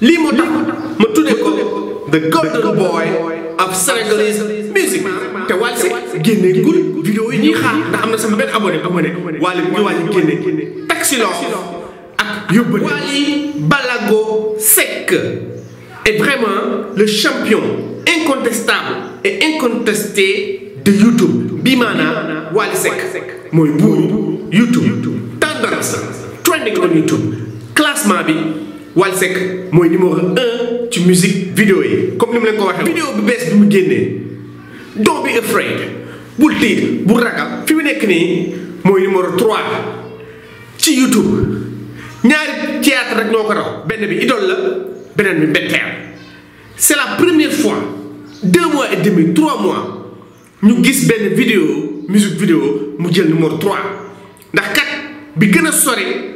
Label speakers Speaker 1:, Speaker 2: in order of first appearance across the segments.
Speaker 1: Limota moo the golden boy of Senegalese music Wally vidéo Balago Sek est vraiment le champion incontestable et incontesté de YouTube Bimana, Wali Sek, YouTube tendance trending on YouTube class Mabi Walisek mooy numéro un ci musique vidéo yi comme ni mu leen ko waxee. vidéo bi bees bi mu génnee doo bi afraid bul tiit bu ragal fi mu nekk nii mooy numéro 3 ci YouTube ñaari théâtre rek ñoo ko raw benn bi idole la beneen bi mbetteel c'est la première fois deux mois et demi trois mois ñu gis benn vidéo musique vidéo mu jël numéro 3 ndax kat bi gën a sori.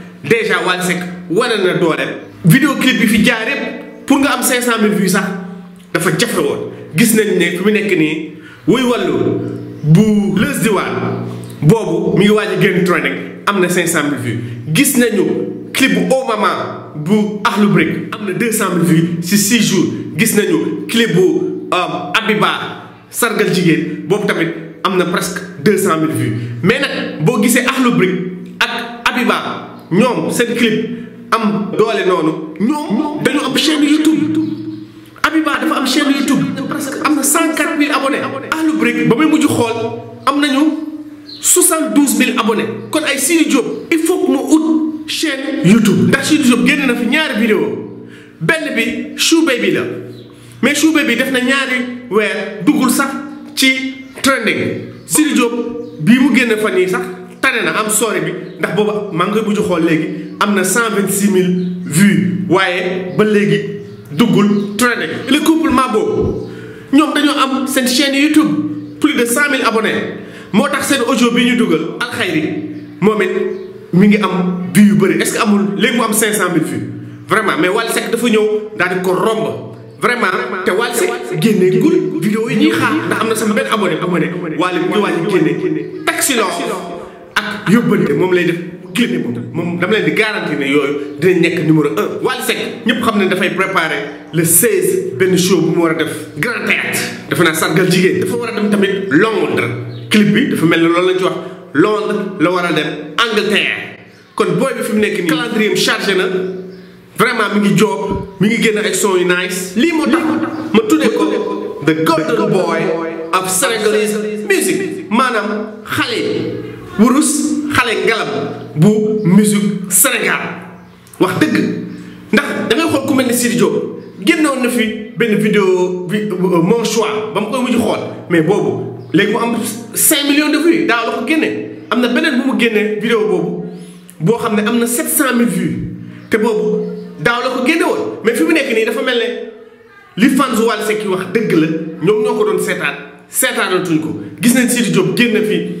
Speaker 1: déjà Wally Seck wane na dooleem. vidéo clip bi fi jaar yëpp pour nga am 500000 vues sax dafa jafe woon gis nañ ne fi mu nekk nii wuy wàllu bu lës diwaan boobu mi ngi waaj a génn trop am na 500000 vues gis nañu clip bu au maman bu Akhlou Brick am na 200000 vues si 6 jours gis nañu clip bu euh, Abiba sargal jigéen boobu tamit am na presque 200000 vues mais nag boo gisee Akhlou Brick ak Abiba. ñoom seen clip am doole noonu ñoom dañu am chaîne YouTube Abiba dafa am chaîne YouTube am na 104000 abonnés Akhlou Brick ba muy mujj xool am na nañu 72000 abonnés kon ay Sidy Diop il faut que mu ut chaîne YouTube ndax Sidy Diop génn na fi ñaari vidéo benn bi Chou bi la mais Chou Baby def na ñaari weer duggul sax ci trending Sidy Diop bii mu génn fan yii sax. tane na am sorry, bi ndax boobu maa am vues waaye ba le couple mabo. am chaîne YouTube plus de 100 000 abonnés moo tax audio bi ñu dugal alxayri moom mi ngi am est-ce que amul léegi am vues vraiment mais Wally Seck dafa ñëw daal di vraiment te Wally Seck génneegul vidéo yi am na sama benn abonné abonné taxi ak yóbbante moom lay def génne ko moom dama leen di garanti ne yooyu dinañ nekk numéro un. Wally Seck ñëpp xam ne dafay préparé le 16 benn show bu mu war a def grand théâtre dafa naa sargal jigéen dafa war a dem tamit Londres clip bi dafa mel ne loolu lañ ci wax Londres la war a dem Angleterre kon booy bi fi mu nekk nii calendrier chargé na vraiment mu ngi joob mi ngi génn ak son yu nice lii moo tax ma tuddee ko the golden boy of Senegalese music maanaam xale wurus xale ngalam bu musique Sénégal wax dëgg ndax da ngay xool ku mel ni Sidi Diop génnoon na fi benn vidéo bi euh, mon choix ba mu koy mujj xool mais boobu léegi mu am 5 millions de vues daaw la ko génnee am na beneen bu mu génnee vidéo boobu boo xam ne am na 700000 vues te boobu daaw la ko génne woon mais fi mu nekk nii dafa mel ne li fans Wally Seck wax dëgg la ñoom ñoo ko doon seetaan seetaanatuñ ko gis nañ Sidi Diop génn fi.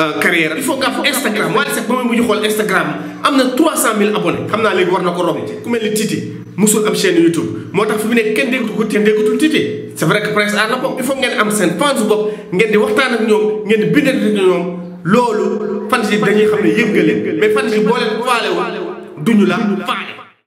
Speaker 1: Euh, carrière il faut nga foog Instagram Wally Seck ba muy mujj xool Instagram am na 300000 abonnés xam naa léegi war na ko romb ku mel ni Titi musul am chaîne YouTube moo tax fi mu ne kenn déggatu ko kenn déggatul Titi c' est que presse à la bopp il faut ngeen am seen fans bopp ngeen di waxtaan ak ñoom ngeen di bindante loolu fans yi dañuy xam ne yëg nga leen mais fans yi boo faale wu duñu la